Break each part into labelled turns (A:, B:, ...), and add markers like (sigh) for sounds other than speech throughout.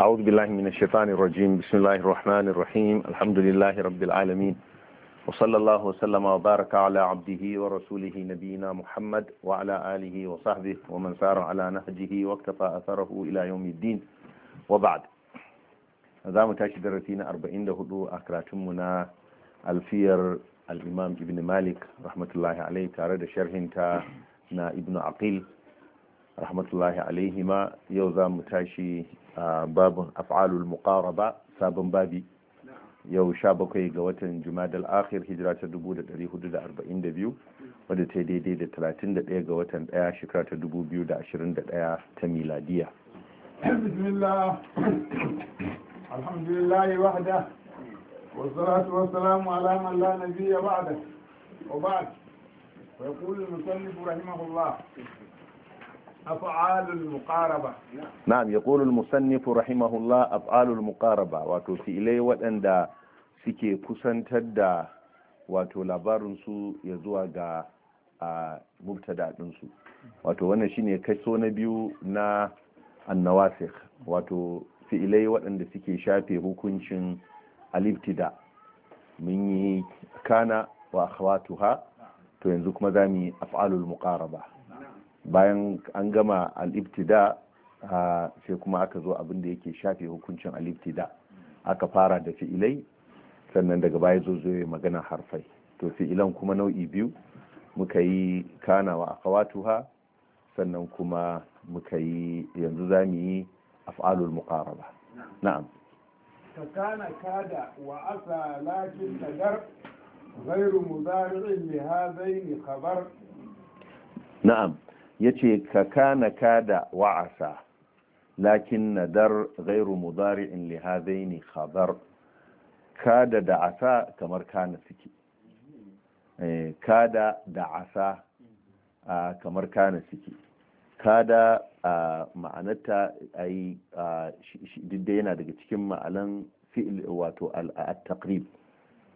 A: أعوذ بالله من الشيطان الرجيم بسم الله الرحمن الرحيم الحمد لله رب العالمين وصلى الله وسلم وبارك على عبده ورسوله نبينا محمد وعلى آله وصحبه ومن سار على نهجه واقتفى أثره إلى يوم الدين وبعد za mu tashi darasi na 44 a karatunmu na alfiyar al'imam ibn malik rahmatullahi alaihi tare da sharhinta na ibn aqil rahmatullahi alaihi ma yau za mu tashi babin af'alul muqaraba sabon babi yau bakwai ga watan jumadal akhir hijira ta 1442 wadda ta daidai da 31 ga watan daya shekara ta 2021 ta miladiya
B: bismillah alhamdulillahi wahda والصلاة والسلام على من لا نبي بعده وبعد ويقول المصنف رحمه الله na'am ya
A: نعم يقول المصنف رحمه الله أفعال المقاربة وتوفي إليه suke kusantar da wato labarinsu ya zuwa ga mubtada ɗinsu wato wannan shine kaso na biyu na annawasik wato fi'ilai waɗanda suke shafe hukuncin aliftida mun yi kana wa akhawatuha to yanzu kuma za mu yi af'alul muqaraba bayan an gama al'ibtida sai kuma aka zo abin da yake shafe hukuncin al'ibtida aka fara da fi'ilai sannan daga baya zo zo magana harfai to fi'ilan kuma nau'i biyu muka yi kana wa ha, sannan kuma muka yi yanzu za mu yi af'alul muqaraba na'am
B: ka kana kada wa asa lakin tadar غير مضارع لهذين kabar.
A: Na'am. ya ce ka kana kada wa'asa lakin nadar gairu mudari'in lihazai ne khabar kada da asa kamar kana suke eh, kada da asa kamar kana suke kada ma'anarta ai yi yana daga cikin ma'alan fi'il wato al-taqrib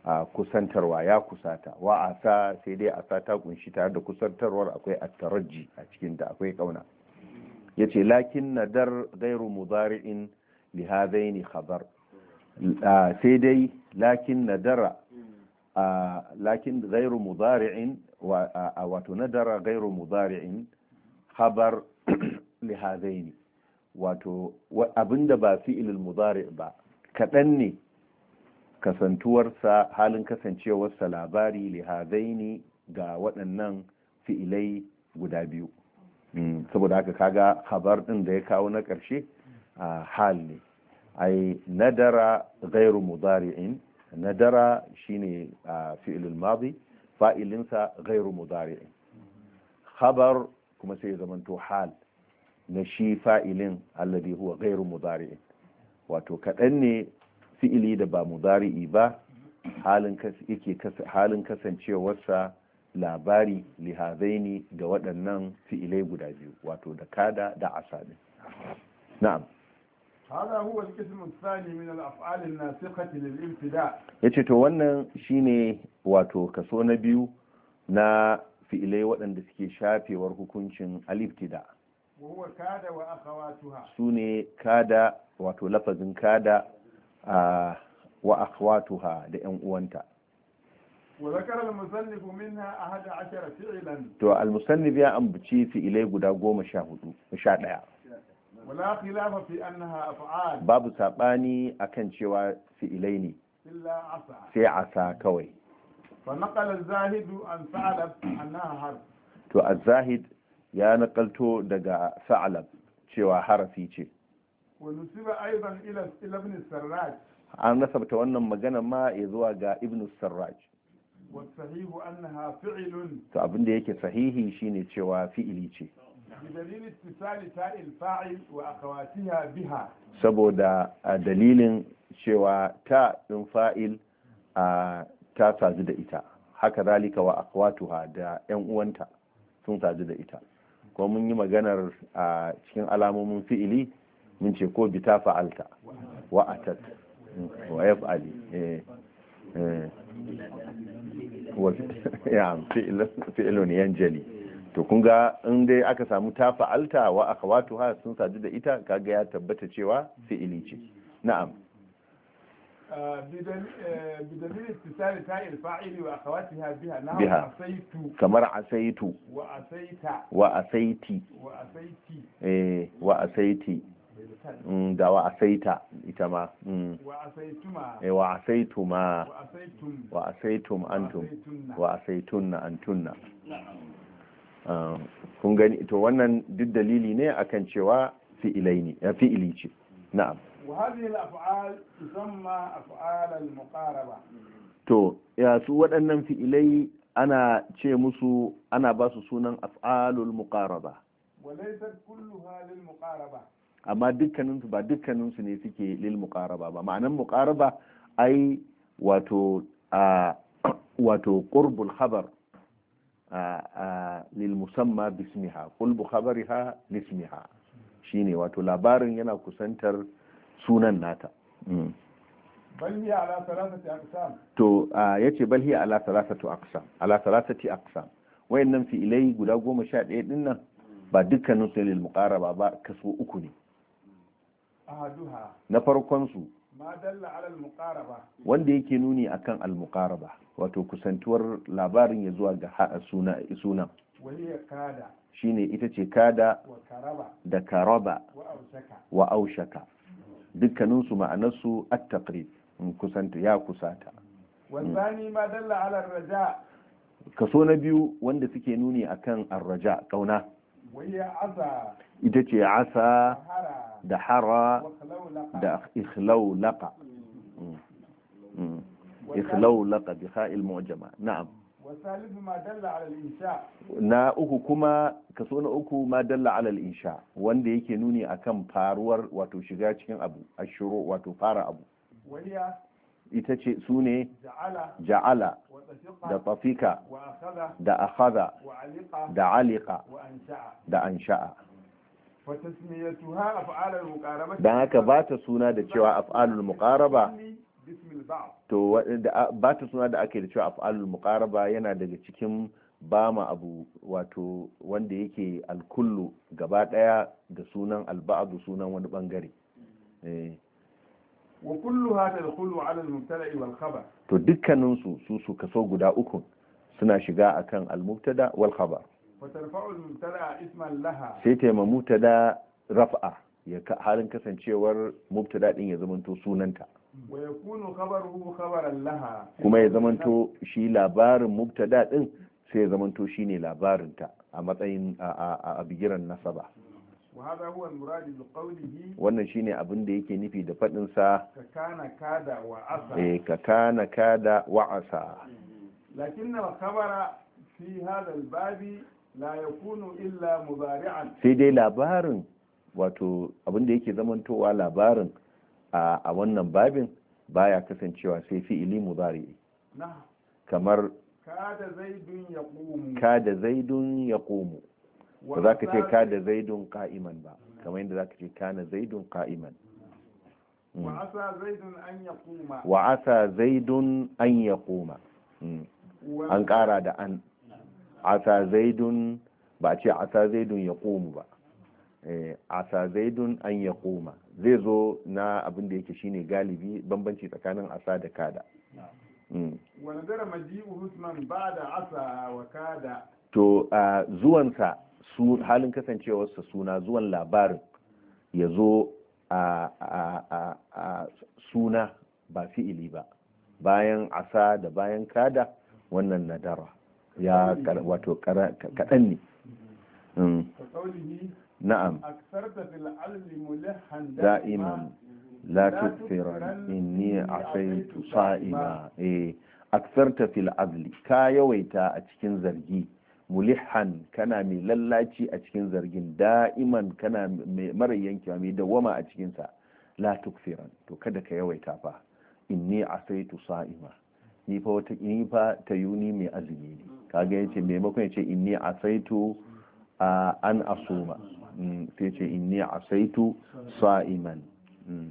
A: a kusantarwa ya kusata wa asa sai dai asa ta kunshi tare da kusantarwar akwai attaraji a cikin da akwai kauna
B: yace lakin
A: nadar gairu mudari'in li hadaini khabar sai dai lakin nadara lakin gairu mudari'in wato nadara gairu mudari'in khabar (clears throat) li hadaini wato abinda ba fi'il mudari' ba kadan ne kasantuwarsa halin kasancewarsa labari ne ga waɗannan fi'ilai guda biyu hmm, saboda haka kaga habar ɗin da ya kawo na ƙarshe a hal ne ai nadara gairu mudari'in nadara shine a fi'ilul madi fa'ilinsa gairu mudari'in habar kuma sai zamanto hal na shi fa'ilin alladhi huwa gairu mudari'in wato kaɗan ne fi'ili da ba mudari'i ba halin yake halin kasancewarsa labari lihazaini ga waɗannan fi'ilai guda biyu wato da kada da asabi na'am
B: هذا هو القسم الثاني من الافعال الناسخه للابتداء
A: yace to wannan shine wato kaso na biyu na fi'ilai waɗanda suke shafewar hukuncin al-ibtida
B: wa huwa kada wa akhawatuha
A: sune kada wato lafazin kada A'a, wa'akawa da 'yan uwanta.
B: Wudakar al-musallin ku minna a hada
A: To al-musallin ya ambuci fi'ilai guda goma sha ɗaya.
B: Wulaƙila mafi annaha a Futsal. Babu
A: saɓani a cewa fi'ilai ne, sai casu kawai.
B: Fa naƙalin Zahidu an sa'ar a nahar.
A: To a Zahid ya naƙalto daga Sa'alam cewa harasi ce. an nasabta wannan magana ma ya zuwa ga ibn sarraj to abin da yake sahihi shine cewa fi'ili ce saboda dalilin cewa ta ɗin fa'il ta sadu da ita haka zalika wa akwatuha da 'yan uwanta sun sadu da ita kuma mun yi maganar a cikin alamomin fi'ili mun ce ko bi ta fa'alta wa atat wa yaf'ali eh eh (laughs) ya fi'ilun yanjali to kun ga in dai aka samu ta fa'alta wa akhawatu ha sun sadu da ita kaga ya tabbata cewa fi'ili ce na'am
B: ah, bi اتصال تاء الفاعل واخواتها بها نحو بها عصيت Wa عصيت
A: وعصيت وعصيت Mm, da wa asaita ita ma mm. eh, wa asaituma wa asaitum antum wa asaitunna antunna ah, kun gani to wannan duk dalili ne akan cewa fi'ilai ne ya eh, fi'ili ce na'am
B: Wa وهذه الأفعال تسمى أفعال المقاربة
A: to ya su waɗannan fi'ilai ana ce musu ana ba su sunan af'alul muqaraba
B: walaysat kulluha lil muqaraba
A: amma dukkanin su ba dukkanin su ne suke lil muqaraba ba ma'anan muqaraba ai wato a wato qurbul khabar lil musamma bismiha qulbu khabariha lismiha shine wato labarin yana kusantar sunan nata hmm.
B: balhi ala salasati aqsam
A: to yace balhi ala salasatu aqsam ala salasati aqsam wayannan fi'ilai guda goma sha ɗaya dinnan ba dukkanin su lil muqaraba ba kaso uku ne na farkon su wanda yake nuni akan al-muqaraba wato kusantuwar labarin ya zuwa ga suna sunan shine ita ce kada da karaba wa aushaka dukkaninsu ma'anarsu at-taqrib kusanta ya kusata
B: wanzani ma dalla ala raja
A: kaso na biyu wanda suke nuni akan ar-raja kauna ita ce asa da hara da ikhlaulaka mm. mm. ikhlaulaka bi ha'il mu'jama na'am na uku kuma kaso na uku ma dalla alal insha wanda yake nuni akan faruwar wato shiga cikin abu ashuru wato fara abu ita ce su ne
B: ja'ala da tafika da akhadha da alika
A: da ansha'a dan haka ba ta suna da cewa af'alul muqaraba to ba ta suna da ake da cewa af'alul muqaraba yana daga cikin ba ma abu wato wanda yake alkullu gaba daya da sunan alba'adu sunan wani bangare eh.
B: wa kullu hada ala
A: to dukkaninsu su su kaso guda uku suna shiga akan almubtada wal khabar
B: sai ta da
A: mubtada raf'a ya halin kasancewar mubtada din ya zamanto sunanta
B: kuma ya zamanto
A: shi labarin mubtada din sai ya zamanto shi ne labarinta a matsayin a bigiran nasaba wannan shine abin da yake nufi da faɗinsa
B: ka kana kada
A: wa asa
B: lakin na kabara fi hadal babi la illa mubari'an sai
A: dai labarin wato abinda yake zamantowa labarin a wannan babin baya kasancewa sai fi'ili mudari kamar kada zaidun ya komu
B: ba za ka ce kada
A: zaidun ka'iman ba kamar yadda za ka ce na zaidun ka'iman wa'asa mm. zaidun an ya koma an kara mm. da an asa zaidun ba ce asa zaidun ya komu ba asa zaidun an ya koma zai zo na abin da yake shine galibi bambanci tsakanin asa da kada
B: zara maji usman ba da asa wa kada
A: to zuwansa su halin kasancewarsa suna zuwan labarin ya zo a suna ba fi'ili ba bayan asa da bayan kada wannan nadara ya wato kaɗan ne mm. na'am
B: da'iman
A: la in ni asaitu sa'ima eh aksarta fil azli. ka yawaita a cikin zargi mulihan kana mai lallaci a cikin zargin da'iman kana mara yankewa mai dawama a cikinsa la tukfiran to kada ka yawaita fa inni asaitu sa'ima ni fa wata ni tayuni mai azumi ne kaga yace maimakon yace inni asaitu an asuma mm, sai yace inni asaitu sa'iman mm.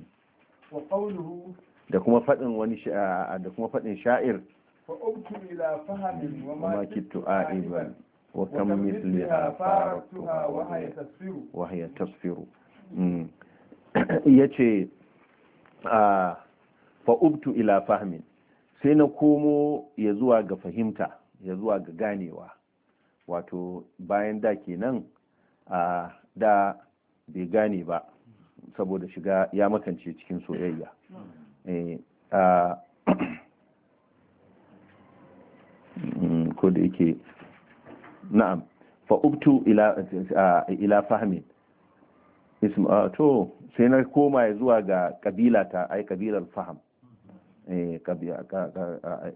A: da kuma fadin wani da kuma fadin sha'ir
B: fa ubtu ila fahamin wa ma kittu a'iban
A: wa kam mithliha
B: faratuha wa hiya tasfiru
A: wa hiya tasfiru mm. (clears throat) yace fa ubtu ila fahmin sai na komo ya zuwa ga fahimta ya zuwa ga ganewa wato bayan da kenan a da bai gane ba saboda shiga ya makance cikin soyayya eh, mm, ko da yake na'am fa'ubtu ila fahimin sai na koma zuwa ga kabila ta ai kabilar faham Eh,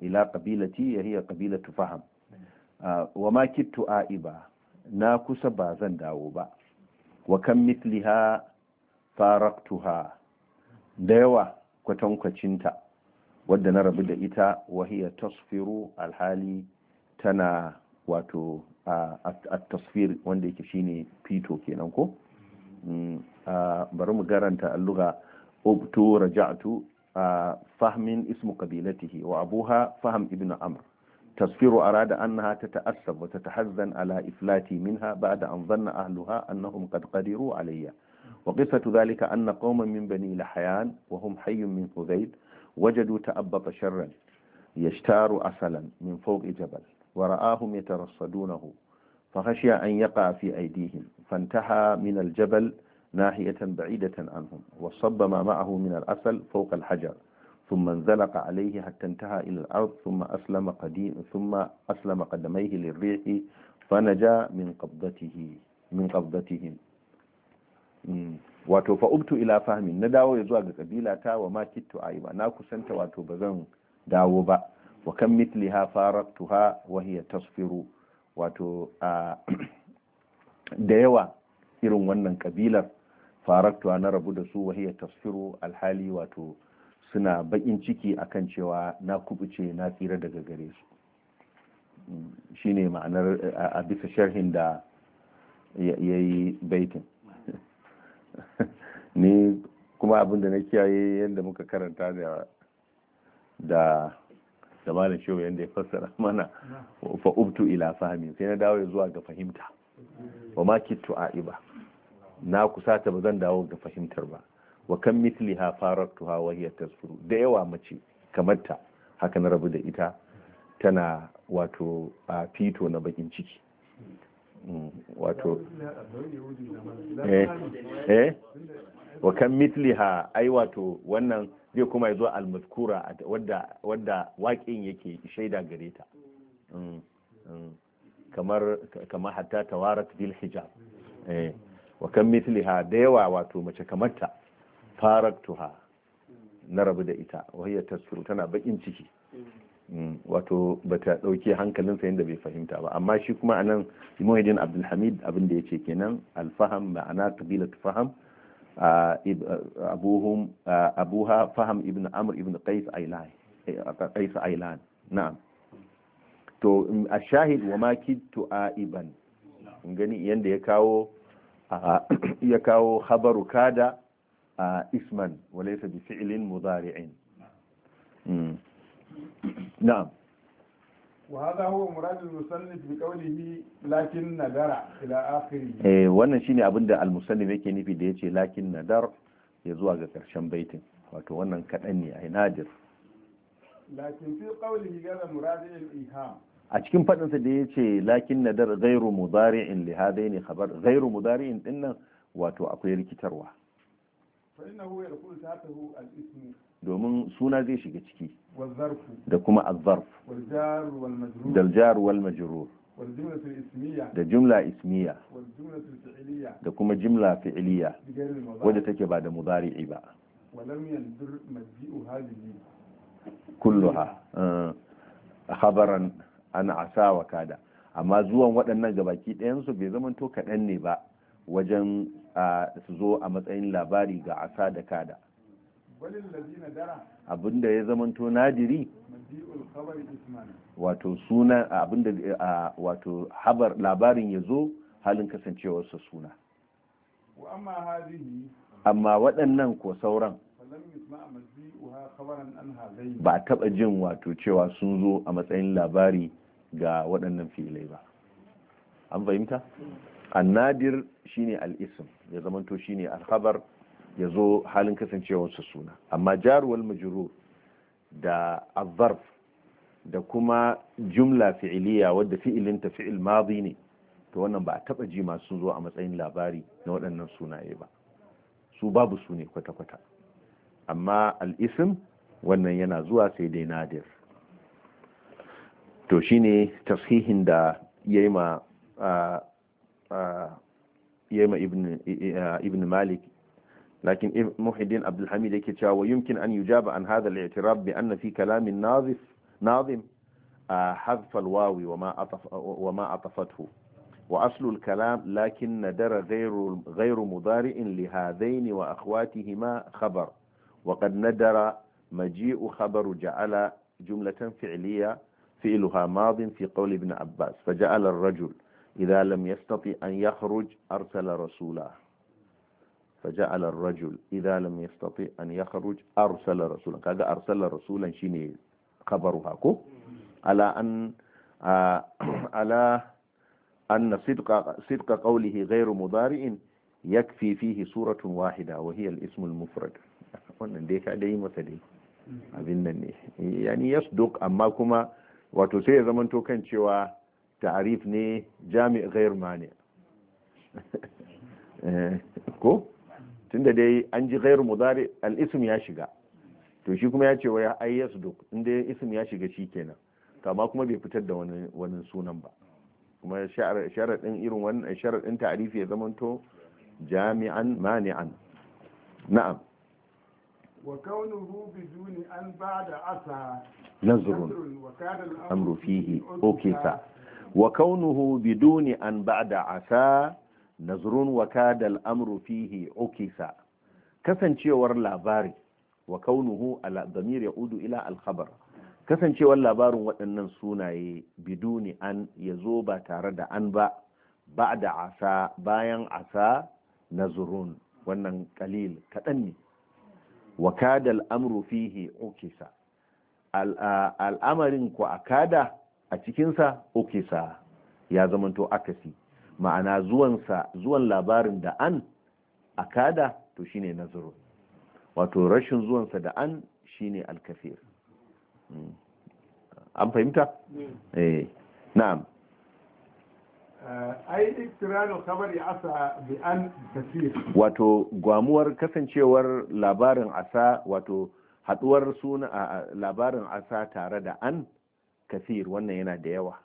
A: ila ƙabilati ya hiya ƙabilatu faham hmm. ah, wa ma kittu a'iba na kusa ba zan dawo ba wa kan mitliha faraktuha da yawa kwatankwacinta wadda na rabu da ita hiya tasfiru alhali tana wato a tasfir wanda yake shine fito kenan ko hmm. Hmm, ah, bari mu garanta alluga ubtu raja'tu فهم اسم قبيلته وأبوها فهم ابن عمرو تصفير أراد أنها تتأسف وتتحزن على إفلاتي منها بعد أن ظن أهلها أنهم قد قدروا علي وقصة ذلك أن قوما من بني لحيان وهم حي من حذيد وجدوا تأبط شرا يشتار أسلا من فوق جبل ورآهم يترصدونه فخشي أن يقع في أيديهم فانتهى من الجبل ناحية بعيدة عنهم وصب ما معه من العسل فوق الحجر ثم انزلق عليه حتى انتهى إلى الأرض ثم أسلم, قديم ثم أسلم قدميه للريح فنجا من قبضته من قبضتهم wato fa'ubtu ila fahmin na dawo ya zuwa ga kabila ta wa ma kittu a ba na kusanta wato ba zan dawo ba wa kan mitli ha faraktu ha wahiyar tasfiru wato da yawa irin wannan kabilar faraktuwa na rabu da su wahiyar tasfiru alhali wato suna bakin ciki akan cewa na kubuce na tsira daga gare su Shi ne ma'anar a bisa sharhin da ya yi baitin (laughs) ni kuma abin da na kiyaye yadda muka karanta da da da malam shehu yadda ya fassara mana faubtu ila fahmi sai na dawo zuwa ga fahimta wa ma kittu aiba na kusata ba zan dawo ga fahimtar ba wa kan misliha faraktuha wa hiya tasfuru da yawa mace kamar ta haka na rabu da ita tana wato a fito na bakin ciki mm, wato
B: eh eh
A: wa kan mitliha
B: ai wato
A: wannan zai kuma zo almaskura wadda wadda waƙin yake shaida gare ta mm, mm, kamar kamar hatta tawarat bil hijab eh wa kan mithliha da yawa wato mace kamar ta faraktuha na rabu da ita wahiyar tasfiru tana bakin ciki mm, wato bata dauke hankalinsa yadda bai fahimta ba amma shi kuma anan Muhyiddin Abdulhamid abin da yace kenan alfaham ma'ana qabilat faham abuhum abuha faham ibn amr ibn qais ailan qais ailan na'am to mm, ashahid wa ma kidtu aiban gani yanda ya kawo iya (clears throat) kawo habaru kada a isman walaysa bi fi'lin mudari'in hmm. na'am
B: huwa هو مراد المصنف بقوله lakin nadara ila اخره eh
A: wannan shine abin da al-musannif yake nufi da yace lakin nadar ya zuwa ga karshen baitin wato wannan kadan ne ai nadir
B: lakin fi qawlihi gaza murad al-iham
A: a cikin faɗinsa da ya ce lakin nadar gairu mudari'in li hadai ne khabar gairu mudari'in din nan wato akwai rikitarwa domin suna zai shiga ciki da kuma azzarf dal jar wal majrur da jumla ismiya da kuma jumla fi'iliya wadda take ba da mudari'i ba kulluha eh, khabaran ana asa wa kada amma zuwan waɗannan gabaki ɗayansu bai zama to kaɗan ne ba wajen su zo a matsayin labari ga asa da kada abinda ya zama to nadiri wato suna abinda wato habar labarin ya zo halin kasancewarsa suna amma waɗannan ko sauran ba a taɓa jin wato cewa sun zo a matsayin labari ga waɗannan fi'ilai ba an fahimta annadir shine al-ism ya zamanto shine al-khabar ya zo halin kasancewarsa suna amma jaruwar majrur da azzarf da kuma jumla fi'iliya wadda fi'ilinta fi'il madi ne to wannan ba a taba ji masu zo a matsayin labari na waɗannan sunaye ba su babu su ne kwata-kwata amma al-ism wannan yana zuwa sai dai nadir to shine tashihin da yayi ma yayi ma ibn malik لكن محي الدين عبد الحميد كتشا ويمكن أن يجاب عن هذا الاعتراف بأن في كلام الناظف ناظم حذف الواو وما أطف وما عطفته وأصل الكلام لكن ندر غير غير مضارع لهذين وأخواتهما خبر وقد ندر مجيء خبر جعل جملة فعلية فعلها ماض في قول ابن عباس فجعل الرجل إذا لم يستطع أن يخرج أرسل رسوله فجعل الرجل إذا لم يستطع أن يخرج أرسل رسولا كذا أرسل رسولا شيني خبرها كو على أن آه على أن صدق صدق قوله غير مضارع يكفي فيه سورة واحدة وهي الاسم المفرد wannan dai ka dai masa dai abin nan ne yani yasduq amma kuma wato sai ya zamanto kan cewa ta'arif ne jami' ghair mani (laughs) eh, ko tunda dai an ji ghair mudari al-ism ya shiga to shi kuma ya ce wa ai yasduq inda ism ya shiga shikenan kama kuma bai fitar da wani wani sunan ba kuma sharadin irin wannan sharadin ta'arifi ya zamanto jami'an mani'an na'am
B: وكونه بدون أن بعد عسى نظر الأمر
A: فيه أوكيسا وكونه بدون أن بعد عسى نظر وكاد الأمر فيه أوكيسا kasancewar labari wa kaunuhu ala udu ila alkhabar kasancewar labarin waɗannan sunaye biduni an ya zo ba tare da an ba ba da asa bayan asa nazurun wannan kalil kaɗan ne wa kada al'amru fihi ukisa al'amarin ku kada a cikinsa ukisa ya zamanto akasi ma'ana zuwansa zuwan labarin da an a kada to shi ne nazaru wato rashin zuwansa da an shi ne alkafir hmm. an fahimta hmm. eh. na'am wato gwamuwar kasancewar labarin asa wato haduwar suna a labarin asa tare da an kasir wannan yana da yawa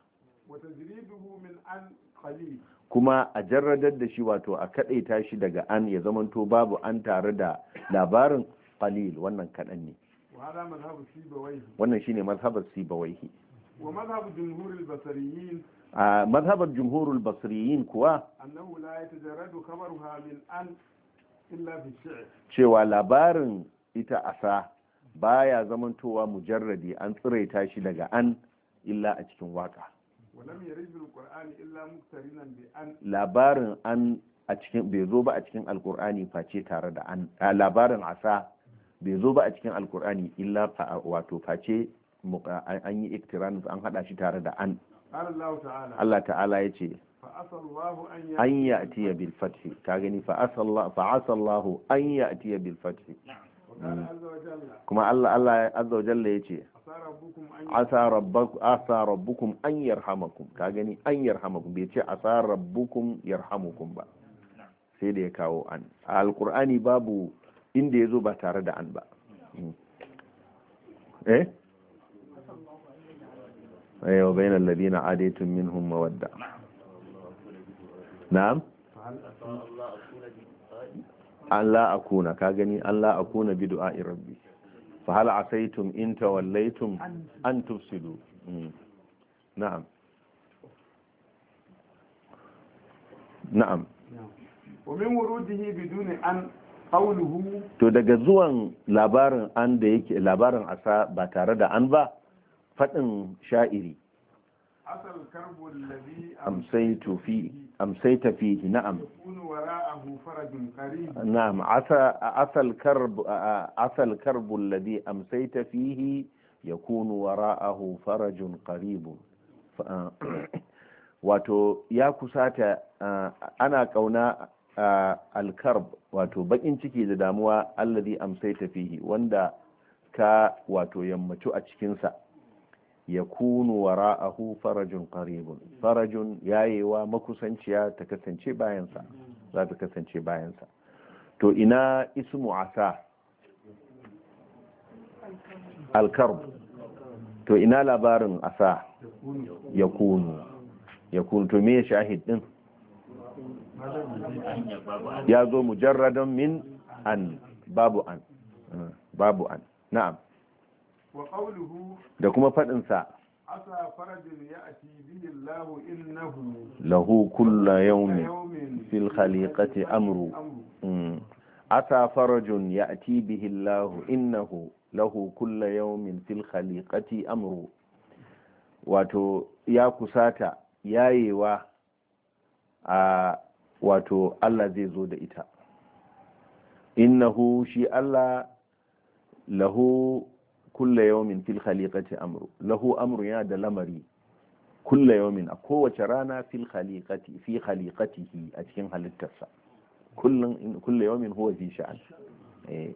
A: kuma a jarradar da shi wato a kadaita shi daga an ya zamanto babu an tare da labarin qalil wannan kadan ne wannan shine mazhabar sibawaihi
B: wa mazhabu jumhurul basariyin
A: a mazhabar jumhurul basriyin kuwa cewa labarin ita asa baya zamantowa mujarradi an tsiraita shi daga an illa a cikin waka labarin an a cikin bai zo ba a cikin alkur'ani face tare da an labarin asa bai zo ba a cikin alkur'ani illa wato face an yi iktiranin an hada shi tare da an Allah ta'ala ya ce an ya atiya bil fathi ka gani fa'asallahu an ya atiya bil kuma Allah Allah azza wa jalla yace asa rabbakum asa rabbukum an yarhamakum ka gani an yarhamakum bai ce asa rabbukum yarhamukum ba sai da ya kawo an A alkur'ani babu inda zo ba tare da an ba hmm. eh bai na bainal adaitun min minhum wadda. na'am an la akuna ka gani an la akuna bi du'a'i rabbi fa hal asaytum in tawallaytum an tufsidu na'am na'am
B: wa min wurudihi bidun an qawluhu
A: to daga zuwan labarin an da yake labarin asa ba tare da an ba faɗin sha'iri amsaitu fi na'am na'am asal karb asal karb alladhi amsaita fihi yakunu wara'ahu farajun qarib (clears throat) wato ya kusata ana kauna alkarb wato bakin ciki da damuwa alladhi amsai fihi wanda ka wato yammacu a cikinsa yakunu wara'ahu farajun qaribun farajun yayewa makusanciya ta kasance bayansa za ta kasance bayansa to ina ismu asa alkarb to ina labarin asa yakunu yakunu to me shahid din ya zo mujarradan min an babu an babu an na'am da kuma faɗinsa lahu kulla yaumin fil khaliqati amru asa farajun ya'ti bihi innahu lahu kulla yaumin mm. fil khaliqati amru wato ya kusata yayewa a wato Allah zai zo da ita innahu shi Allah lahu kulla yawmin fil khaliqati amru lahu amru ya da lamari kulle yawmin a kowace rana fil khaliqati fi khaliqatihi a cikin halittarsa kullun kulle yawmin huwa fi sha'an eh.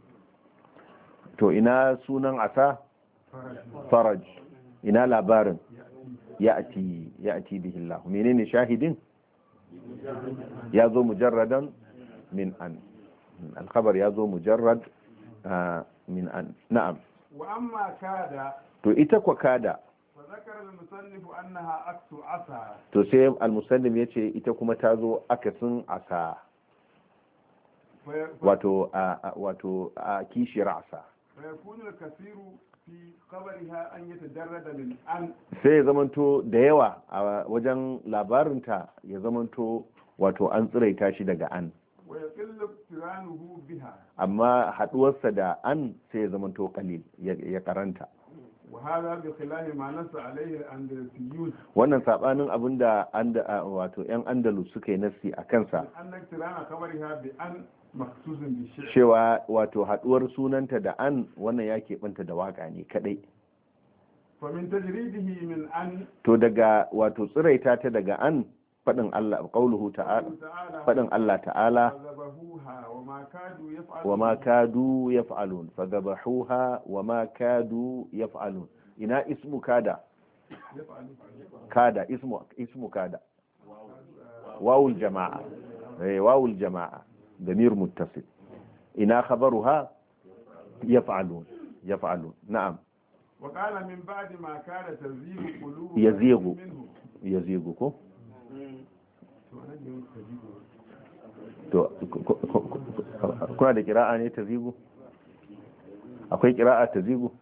A: to ina sunan asa faraj ina labarin ya'ti ya'ti bihi Allah menene shahidin ya zo mujarradan min an al-khabar ya zo mujarrad ah, min an na'am to ita kwa kada to sai al-musallim ya ce ita kuma ta zo akasin asa wato wato a kishiyar asa sai ya zamanto da yawa a wajen labarinta ya zamanto wato an tsiraita shi daga an amma haduwarsa da an sai ya zama to ya karanta wannan sabanin abin da wato yan andalus suka yi nasi a kansa cewa wato haduwar sunanta da an wannan ya keɓanta da waka ne kadai to daga wato tsiraita ta daga an faɗin Allah qauluhu ta'ala faɗin Allah ta'ala
B: wa ma kadu
A: yaf'alun fadhabahuha wa ma kadu yaf'alun ina ismu kada kada ismu ismu kada wawul jama'a eh wawul jama'a damir muttasil ina khabaruha yaf'alun yaf'alun na'am
B: وقال من بعد ما كان تزيغ قلوب يزيغ
A: يزيغ to kuna da kira'a ne ta zigo akwai kira'a ta zigo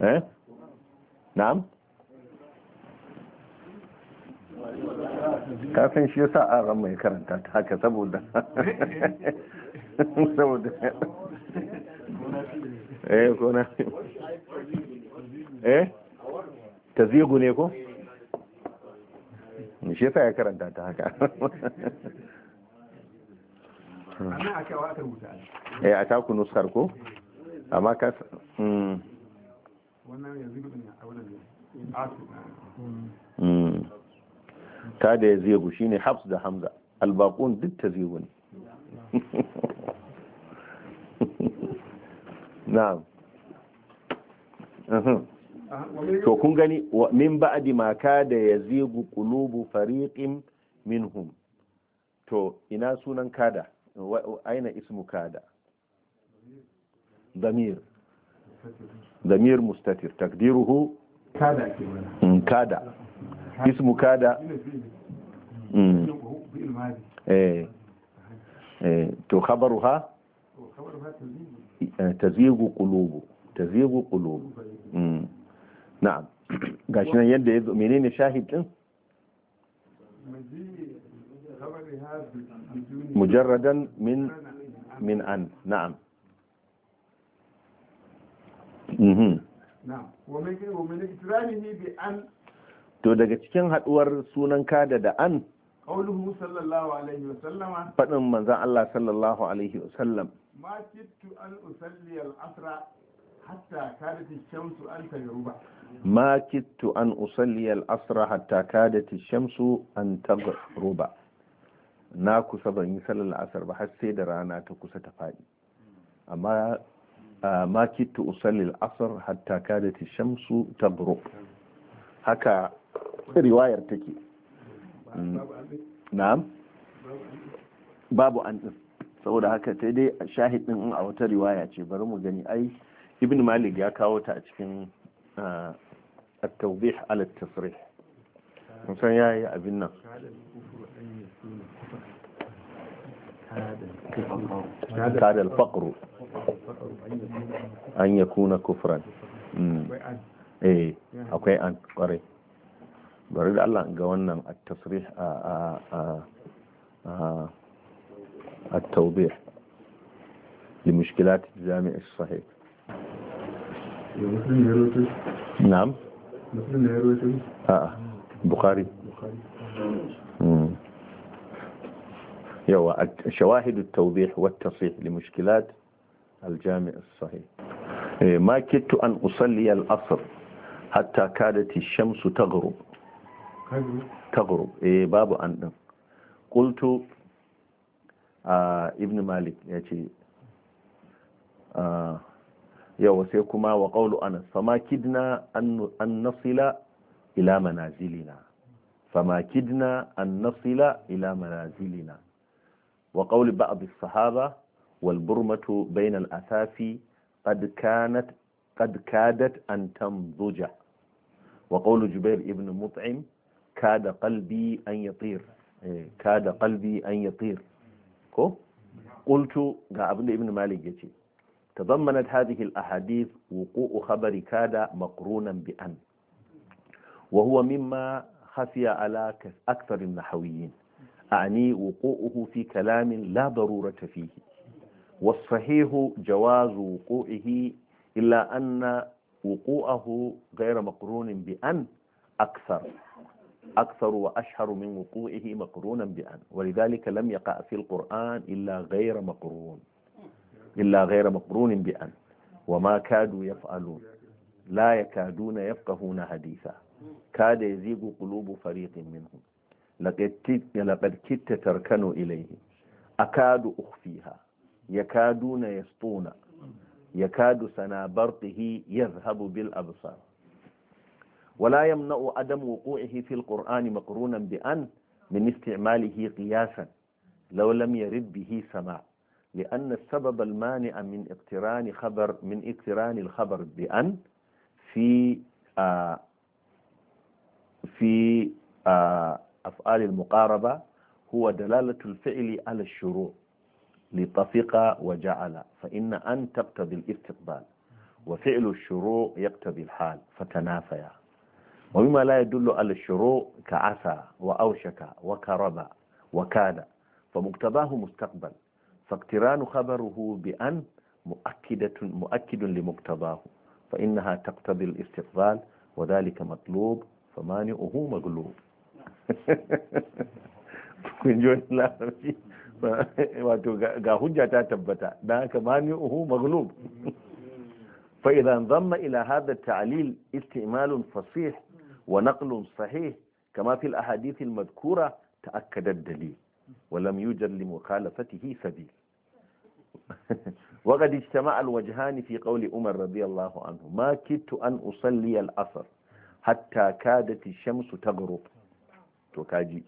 A: eh na'am san shi yasa a ran mai karanta ta haka saboda (laughs) saboda eh kona eh ta zigo ne ko shi ya karanta ta haka eh a ku nuskar ko amma ka mm. Mm. ta da ya zegu shi ne hafs da hamza albakun duk ta zegu ne (laughs) na to kun gani min ba'di ma kada yazigu qulubu fariqin minhum to ina sunan kada aina ismu kada damir damir mustatir takdiruhu kada mm, kada ismu kada mm. eh eh to khabaruha eh, tazigu qulubu tazigu qulubu na'am (clears throat) gashi nan yadda ya zo menene shahid din
B: mujarradan
A: min min an na'am mhm
B: na'am bi an
A: to daga cikin haduwar sunan kada da an
B: qauluhu sallallahu alaihi wa sallama fadin
A: manzon Allah sallallahu alaihi wa sallam
B: ma kittu an usalli al-asra hatta kadati an tagruba
A: ma kittu an usalli al-asr hatta kadati shamsu an tagruba na kusa ban yi sallar asar ba har sai da rana ta kusa ta faɗi amma ma kittu usalli al hatta kada ta shamsu tagrub haka riwayar take na'am babu an din saboda haka sai dai shahidin din a wata riwaya ce bari mu gani ai ibn malik ya kawo ta a cikin التوضيح على التصريح مثلا يا يا ابي النصر كاد الفقر أن يكون كفرا eh akwai an kwarai bari da Allah ga wannan a tasrih a a a a tawdih li mushkilat jami' as-sahih na'am a'a bukari hmm. yawa eh, an usalli al-asr hatta kadat ash-shamsu taghrub taghrub eh, babu an din qultu ah, malik yace ah, yau sai kuma wa qawlu anas famakidna kidna an nasila ila manazilina fama kidna an nasila ila manazilina wa qawli ba'd as-sahaba wal burmatu bayna al-athafi qad kanat قد كادت أن تنضج وقول جبير ابن مطعم كاد قلبي أن يطير تضمنت هذه الأحاديث وقوع خبر كاد مقرونا بأن وهو مما خفي على أكثر النحويين أعني وقوعه في كلام لا ضرورة فيه والصحيح جواز وقوعه إلا أن وقوعه غير مقرون بأن أكثر أكثر وأشهر من وقوعه مقرونا بأن ولذلك لم يقع في القرآن إلا غير مقرون إلا غير مقرون بأن وما كادوا يفعلون لا يكادون يفقهون حديثا كاد يزيغ قلوب فريق منهم لقد كدت تركنوا إليه أكاد أخفيها يكادون يسطون يكاد سنا برقه يذهب بالأبصار ولا يمنع عدم وقوعه في القرآن مقرونا بأن من استعماله قياسا لو لم يرد به سماع لأن السبب المانع من اقتران خبر من اقتران الخبر بأن في آه، في آه، أفعال المقاربة هو دلالة الفعل على الشروع لطفق وجعل فإن أن تقتضي الاستقبال وفعل الشروع يقتضي الحال فتنافيا ومما لا يدل على الشروع كعسى وأوشك وكرب وكاد فمقتضاه مستقبل فاقتران خبره بأن مؤكدة مؤكد لمقتضاه فإنها تقتضي الاستقبال وذلك مطلوب فمانعه مغلوب kun ji wani larabci wato ga hujja ta tabbata da haka mani'uhu maghlub fa idan zamma ila hadha ta'lil istimalun fasih wa naqlun sahih kama fil ahadith al madkura ta'akkada ad-dalil wa lam yujad li mukhalafatihi sabil (laughs) وقد اجتمع الوجهان في قول عمر رضي الله عنه ما كدت أن أصلي الأثر حتى كادت الشمس تغرب توكاجي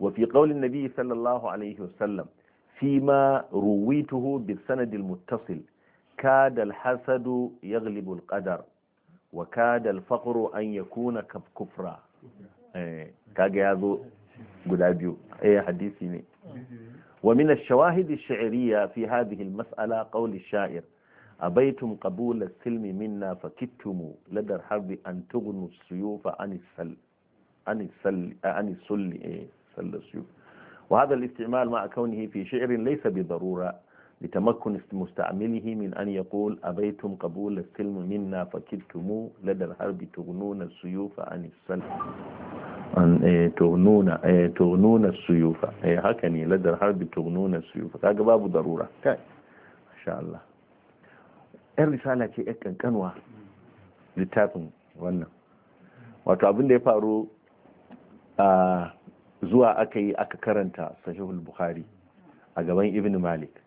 A: وفي قول النبي صلى الله عليه وسلم فيما رويته بالسند المتصل كاد الحسد يغلب القدر وكاد الفقر أن يكون كفرا إيه، كاجي هذا قد أبيو أي حديثي ومن الشواهد الشعرية في هذه المسألة قول الشاعر أبيتم قبول السلم منا فكدتم لدى الحرب أن تغنوا السيوف عن السل عن السل عن السل إيه سل السيوف وهذا الاستعمال مع كونه في شعر ليس بضرورة لتمكن مستعمله من أن يقول أبيتم قبول السلم منا فكدتم لدى الحرب تغنون السيوف عن السل Eh, turnuna eh, turnuna suyufa eh haka ne ladar harbi turnuna suyufa kaga babu darura kai insha Allah yan risala ce yan kankanwa littafin wannan wato abin da ya faru a zuwa aka yi aka karanta sahihul buhari a gaban ibn malik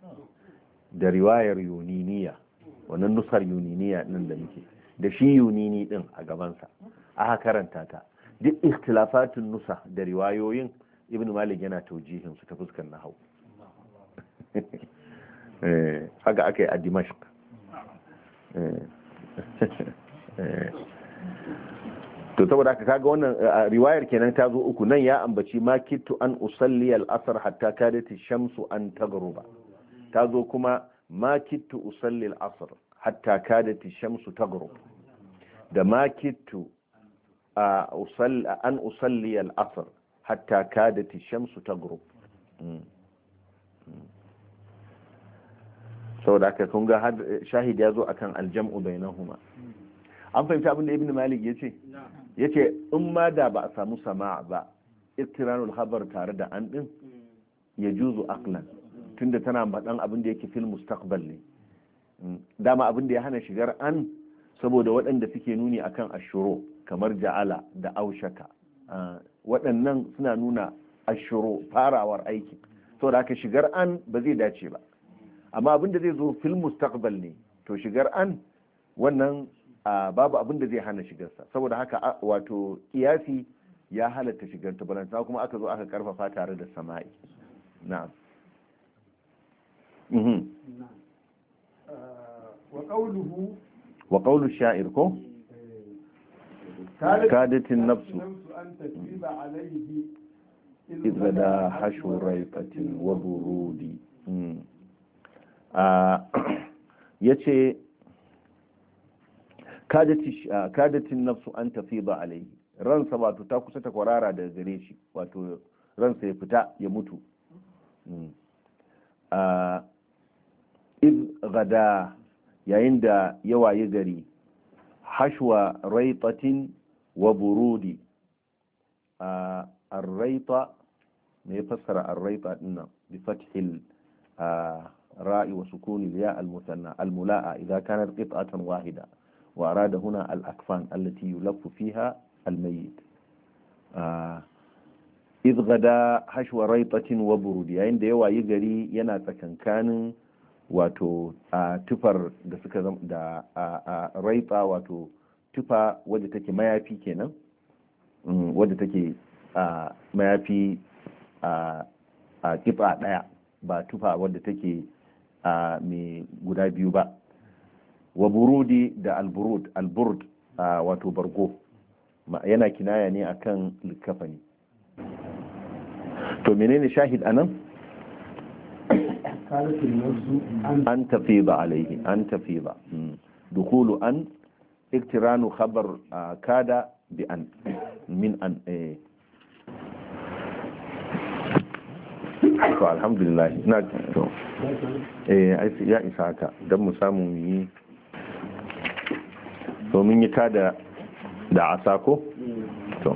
A: da riwayar yuniniya wannan nusar yuniniya din da muke da shi yunini din a gabansa aka karanta ta duk ikhtilafatun nusa da riwayoyin ibn malik yana taujihin su ta fuskar nahau (laughs) eh, haka aka yi a dimashq eh, eh. to saboda haka kaga wannan riwayar kenan ta zo uku nan ya ambaci ma kitu an usalli al-asr hatta kadati shamsu an tagruba ta zo kuma ma kitu usalli al-asr hatta kadati shamsu tagruba da ma kitu an usalli al'asar hatta kadati shamsu ta group saboda aka kun ga shahid ya zo akan aljam'u bainahuma an fahimci abin da ibn malik ya ce ya ce in ma da ba a samu sama ba ikiranul habar tare da an din ya juzu aklan tunda tana maɗan abin da yake fil mustaqbal ne dama abin da ya hana shigar an saboda waɗanda suke nuni akan ashuro kamar ja'ala da aushaka ah, waɗannan suna nuna ashiro farawar aiki sau da aka shigar an ba zai dace ba amma abin da zai zo fil mustaqbal ne to shigar an wannan babu abin da zai hana shigarsa saboda haka wato kiyasi ya halatta shigar ta balanta kuma aka zo aka karfafa tare da sama'i na'am
B: mhm. ah, wa
A: qawluhu sha'ir ko
B: kadatin nafsu
A: izada hashu raifatin wa burudi ya ce kadatin nafsu an tafi ba alaihi ransa wato ta kusa ta kwarara daga gare shi wato ransa ya fita ya mutu iz gada yayin da yawa ya gari hashwa raitatin wa burudi a arraita me fassara arraita dinnan bi fathil ra'i wa sukuni ya al-musanna al-mula'a idza kanat qit'atan wahida wa arada huna al-akfan allati yulaffu fiha al-mayyit idh gada hashwa raitatin wa burudi yayin da yawayi gari yana tsakankanin wato a tufar da suka da a raifa wato tufa wadda take mayafi kenan mm, wadda take a mayafi a kifa daya ba tufa wadda take a mai guda biyu ba wa burudi da alburud alburud wato bargo yana kinaya ne akan likafani. to menene shahid anan an tafi ba alaihi an tafi ba dukulu an iktiranu khabar kada bi an min an to alhamdulillah na to eh ya isa haka dan mu samu mu yi to mun yi kada da asako to